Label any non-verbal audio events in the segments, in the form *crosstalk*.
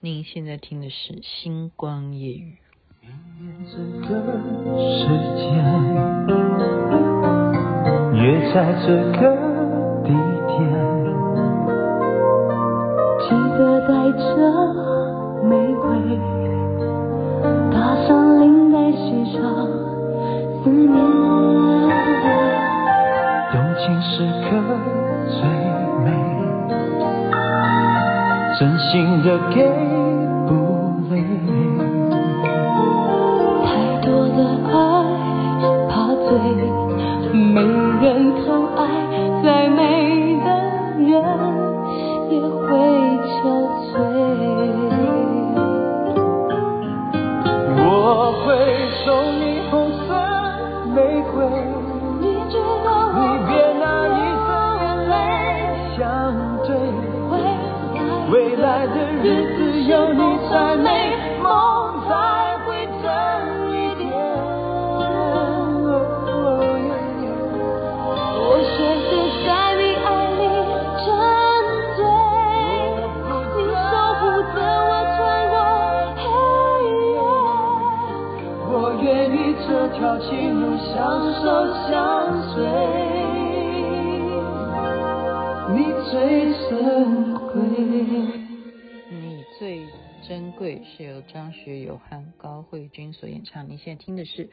你現在聽的是星光夜語。明年這個時間約在這個地點，記得帶着玫瑰，打上領帶，繫上思念，動情時刻最美真心的給不累，太多的愛怕醉，沒人疼愛，再美的人也會憔悴。我會送你紅。情路相手相隨，你最珍貴。你最珍貴是由張學友和高慧君所演唱。你現在聽的是《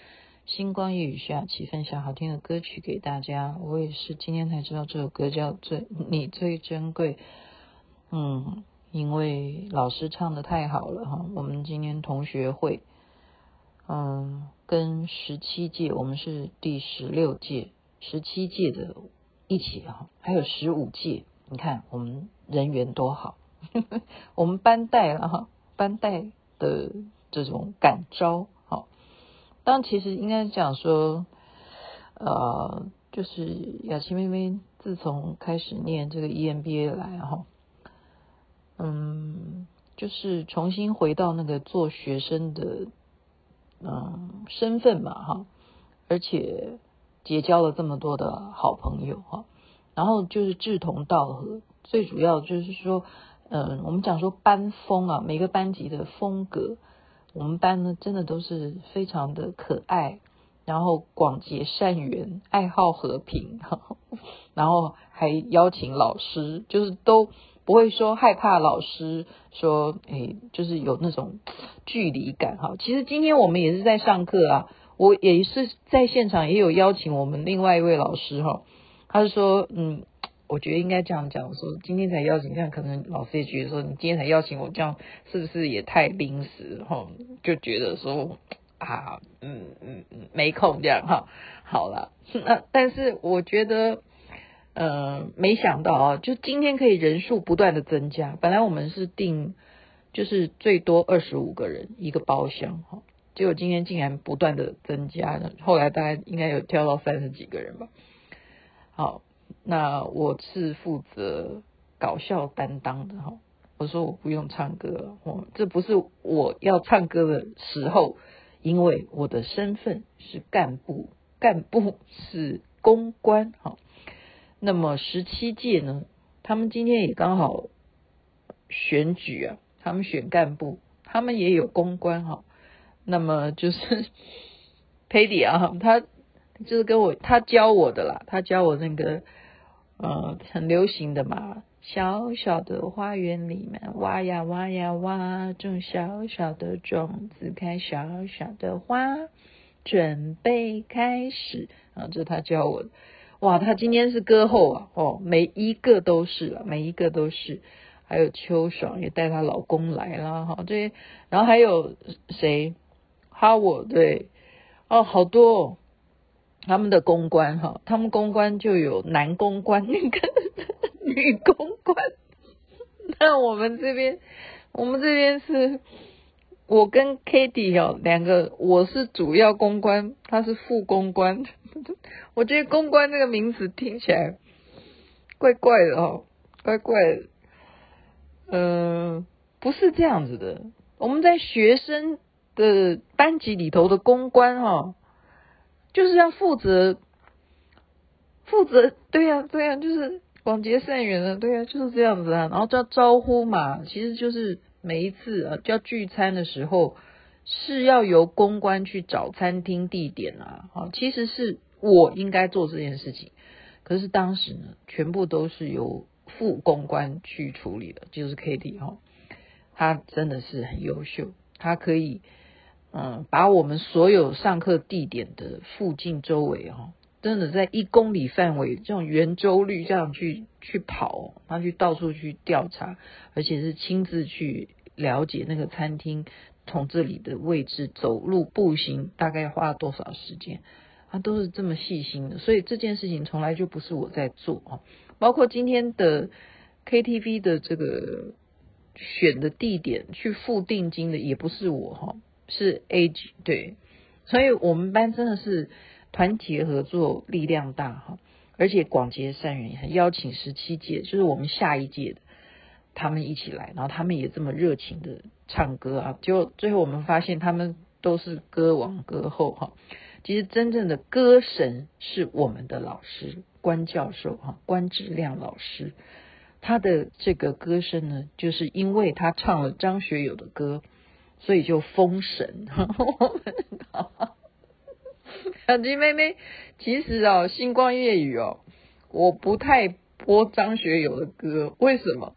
星光夜語》，雅琪分享好聽的歌曲給大家。我也是今天才知道這首歌叫《最你最珍貴》。嗯，因為老師唱的太好了哈。我們今天同學會。嗯，跟十七屆我們是第十六屆、十七屆的一起啊，還有十五屆，你看我們人緣多好， *laughs* 我們班代了哈，班代的這種感召哈，當其實應該講說，呃，就是雅琪妹妹自從開始念這個 EMBA 來哈，嗯，就是重新回到那個做學生的。嗯，身份嘛，哈，而且結交了這麼多的好朋友，哈，然後就是志同道合，最主要就是說，嗯，我們講說班風啊，每個班級的風格，我們班呢真的都是非常的可愛，然後廣結善緣，愛好和平，然後還邀請老師，就是都。不會說害怕老師說，誒、欸、就是有那種距離感哈。其實今天我們也是在上課啊，我也是在現場也有邀請我們另外一位老師哈，他是說，嗯，我覺得應該這樣講，說今天才邀請，這樣可能老師也覺得說你今天才邀請我，這樣是不是也太臨時哈？就覺得說啊，嗯嗯嗯，沒空這樣哈。好了，那但是我覺得。呃，沒想到啊，就今天可以人數不斷的增加，本來我們是定就是最多二十五個人一個包廂哈、喔，結果今天竟然不斷的增加，後來大概應該有跳到三十幾個人吧。好，那我是負責搞笑擔當的哈、喔。我說我不用唱歌，我、喔、這不是我要唱歌的時候，因為我的身份是幹部，幹部是公關哈。喔那麼十七屆呢？他們今天也剛好選舉啊，他們選幹部，他們也有公關哈、哦。那麼就是佩蒂啊，他就是跟我他教我的啦，他教我那個呃很流行的嘛，小小的花園裡面挖呀挖呀挖，種小小的種子，開小小的花，準備開始啊，這是他教我的。哇，他今天是歌后啊！哦，每一個都是啊，每一個都是。還有秋爽也帶她老公來了哈、哦，這些，然後還有誰？哈我，對，哦，好多、哦。他們的公關哈、哦，他們公關就有男公關，跟女公關。那我們這邊，我們這邊是我跟 Kitty 哦，兩個，我是主要公關，他是副公關。我覺得公關這個名字聽起來怪怪的哦，怪怪的。嗯，不是這樣子的。我們在學生的班級裡頭的公關哈、哦，就是要負責負責。對呀、啊，對呀、啊，就是廣結善緣的，對呀、啊，就是這樣子啊。然後叫招呼嘛，其實就是每一次啊，叫聚餐的時候是要由公關去找餐廳地點啊。好，其實是。我應該做這件事情，可是當時呢，全部都是由副公關去處理的，就是 Kitty 哈，他真的是很優秀，他可以嗯，把我們所有上課地點的附近周圍真的在一公里範圍這種圓周率這樣去去跑，他去到處去調查，而且是親自去了解那個餐廳從這裡的位置走路步行大概花了多少時間。他、啊、都是這麼細心的，所以這件事情從來就不是我在做啊。包括今天的 KTV 的這個選的地點，去付定金的也不是我哈，是 AJ 對。所以我們班真的是團結合作，力量大哈。而且廣結善緣，邀請十七屆就是我們下一屆的他們一起來，然後他們也這麼熱情的唱歌啊。結果最後我們發現，他們都是歌王歌后哈。其實真正的歌神是我們的老師關教授哈，關志亮老師，他的這個歌聲呢，就是因為他唱了張學友的歌，所以就封神。 *laughs* 小雞妹妹，其實哦，星光夜語哦，我不太播張學友的歌，為什麼？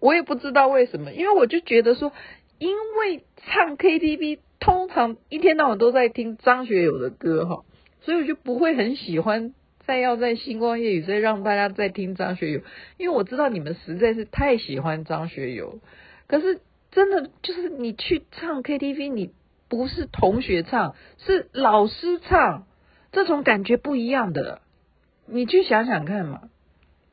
我也不知道為什麼，因為我就覺得說，因為唱 KTV。通常一天到晚都在聽張學友的歌哈，所以我就不會很喜歡再要在星光夜語再讓大家再聽張學友，因為我知道你們實在是太喜歡張學友，可是真的就是你去唱 KTV，你不是同學唱，是老師唱，這種感覺不一樣的，你去想想看嘛，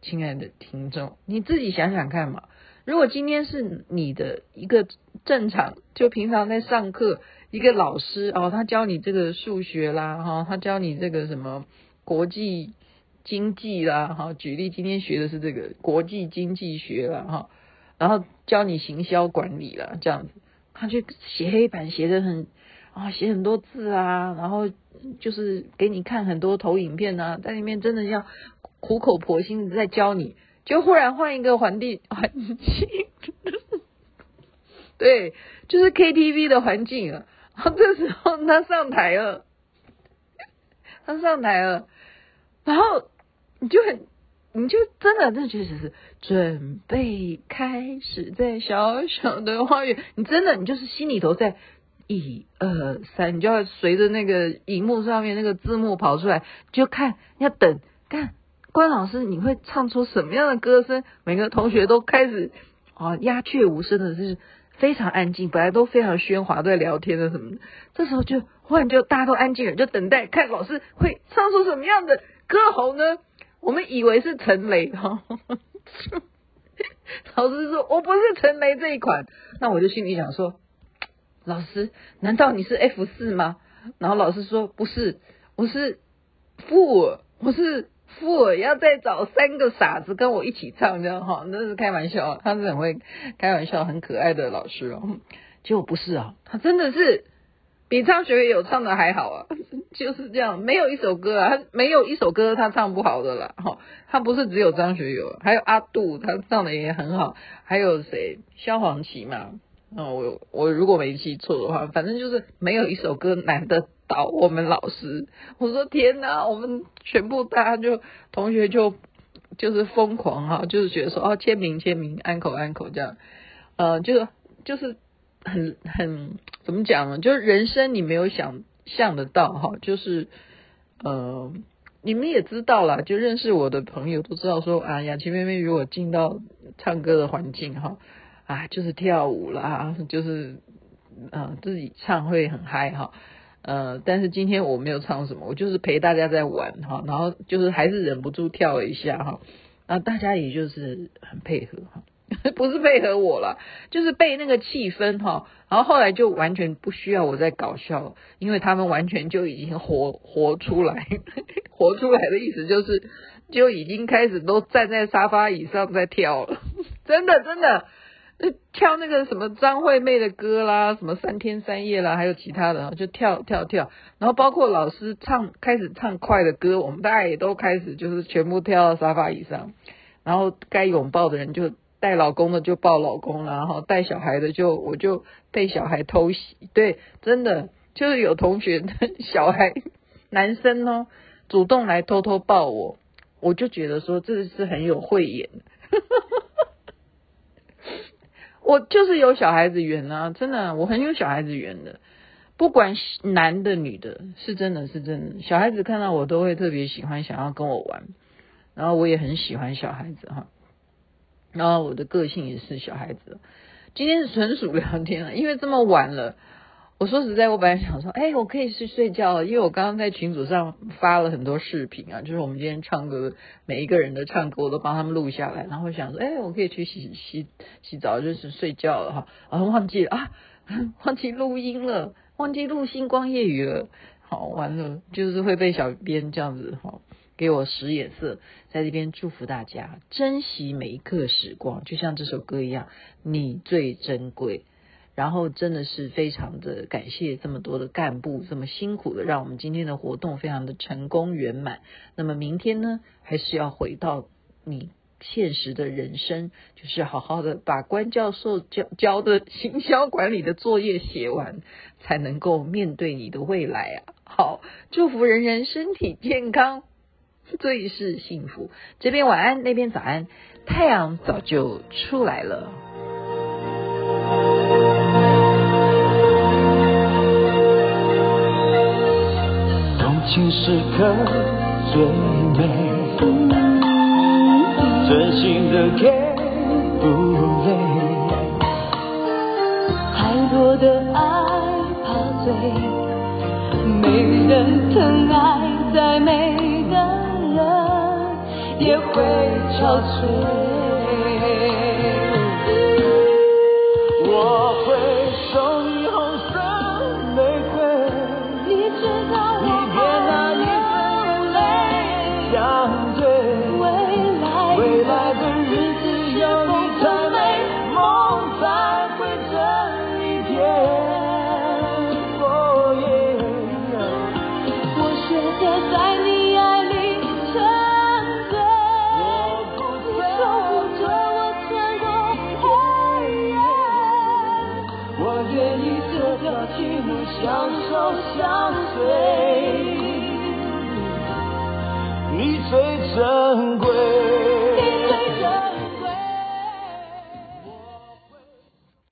親愛的聽眾，你自己想想看嘛。如果今天是你的一個正常，就平常在上課，一個老師哦，他教你這個數學啦，哈、哦，他教你這個什麼國際經濟啦，哈、哦，舉例今天學的是這個國際經濟學啦，哈、哦，然後教你行銷管理啦，這樣子，他去寫黑板，寫的很啊、哦，寫很多字啊，然後就是給你看很多投影片啊，在裡面真的要苦口婆心地在教你。就忽然換一個環境，環境，對，就是 KTV 的環境了。然後這時候他上台了，他上台了，然後你就很，你就真的，真的，那確實是準備開始在小小的花園，你真的，你就是心裡頭在一二三，你就要隨着那個熒幕上面那個字幕跑出來，就看要等看。關老師，你會唱出什麼樣的歌聲？每個同學都開始啊，鴉雀無聲的，就是非常安靜。本來都非常喧嘩在聊天的什麼的，這時候就忽然就大家都安靜了，就等待看老師會唱出什麼樣的歌喉呢？我們以為是陳雷哈，老師說：“我不是陳雷這一款。”那我就心裡想說：“老師，難道你是 F4 嗎？”然後老師說：“不是，我是富。我是。”不要再找三個傻子跟我一起唱，這樣嗎、哦？那是開玩笑，他是很會開玩笑、很可愛的老師哦。結果不是啊，他真的是比張學友唱得還好啊，就是這樣，沒有一首歌啊，他沒有一首歌他唱不好的啦。哈、哦，他不是只有張學友，還有阿杜，他唱得也很好，還有誰？蕭煌奇嘛。那、哦、我我如果沒記錯的話，反正就是沒有一首歌難得到我們老師。我說天哪，我們全部大家就同學就就是瘋狂哈、哦，就是覺得說哦簽名簽名，安口安口這樣，呃，就是就是很很怎麼講呢？就是人生你沒有想象得到哈、哦，就是呃你們也知道啦，就認識我的朋友都知道說啊，雅琪妹妹如果進到唱歌的環境哈。哦啊，就是跳舞啦，就是嗯、呃，自己唱會很嗨哈、哦，呃，但是今天我沒有唱什麼，我就是陪大家在玩哈、哦，然後就是還是忍不住跳一下哈，然、哦、後、啊、大家也就是很配合哈，不是配合我啦，就是被那個氣氛哈、哦，然後後來就完全不需要我再搞笑，因為他們完全就已經活活出來呵呵，活出來的意思就是就已經開始都站在沙發椅上在跳了，真的真的。就跳那個什麼張惠妹的歌啦，什麼三天三夜啦，還有其他的，就跳跳跳。然後包括老師唱，開始唱快的歌，我們大家也都開始就是全部跳到沙發椅上。然後該擁抱的人就帶老公的就抱老公啦，然後帶小孩的就，我就被小孩偷襲，對，真的就是有同學小孩男生哦主動來偷偷抱我，我就覺得說這是很有慧眼。呵呵我就是有小孩子緣啊，真的、啊，我很有小孩子緣的，不管男的女的，是真的是真的，小孩子看到我都會特別喜歡，想要跟我玩，然後我也很喜歡小孩子哈、啊，然後我的個性也是小孩子，今天是純屬聊天了、啊、因為這麼晚了。我說實在，我本來想說，哎、欸，我可以去睡覺了，因為我剛剛在群組上發了很多視頻啊，就是我們今天唱歌，每一個人的唱歌我都幫他們錄下來，然後想說，哎、欸，我可以去洗洗洗澡，就是睡覺了哈。然後忘記了啊，忘記錄音了，忘記錄星光夜語了，好完了，就是會被小編這樣子哈，給我使眼色，在這邊祝福大家，珍惜每一刻時光，就像這首歌一樣，你最珍貴。然後真的是非常的感謝這麼多的幹部這麼辛苦的，讓我們今天的活動非常的成功圓滿。那麼明天呢，還是要回到你現實的人生，就是好好的把關教授教教的行銷管理的作業寫完，才能夠面對你的未來啊。好，祝福人人身體健康，最是幸福。這邊晚安，那邊早安，太陽早就出來了。情時刻最美，真心的給不累。太多的愛怕醉，沒人疼愛再美的人也會憔悴。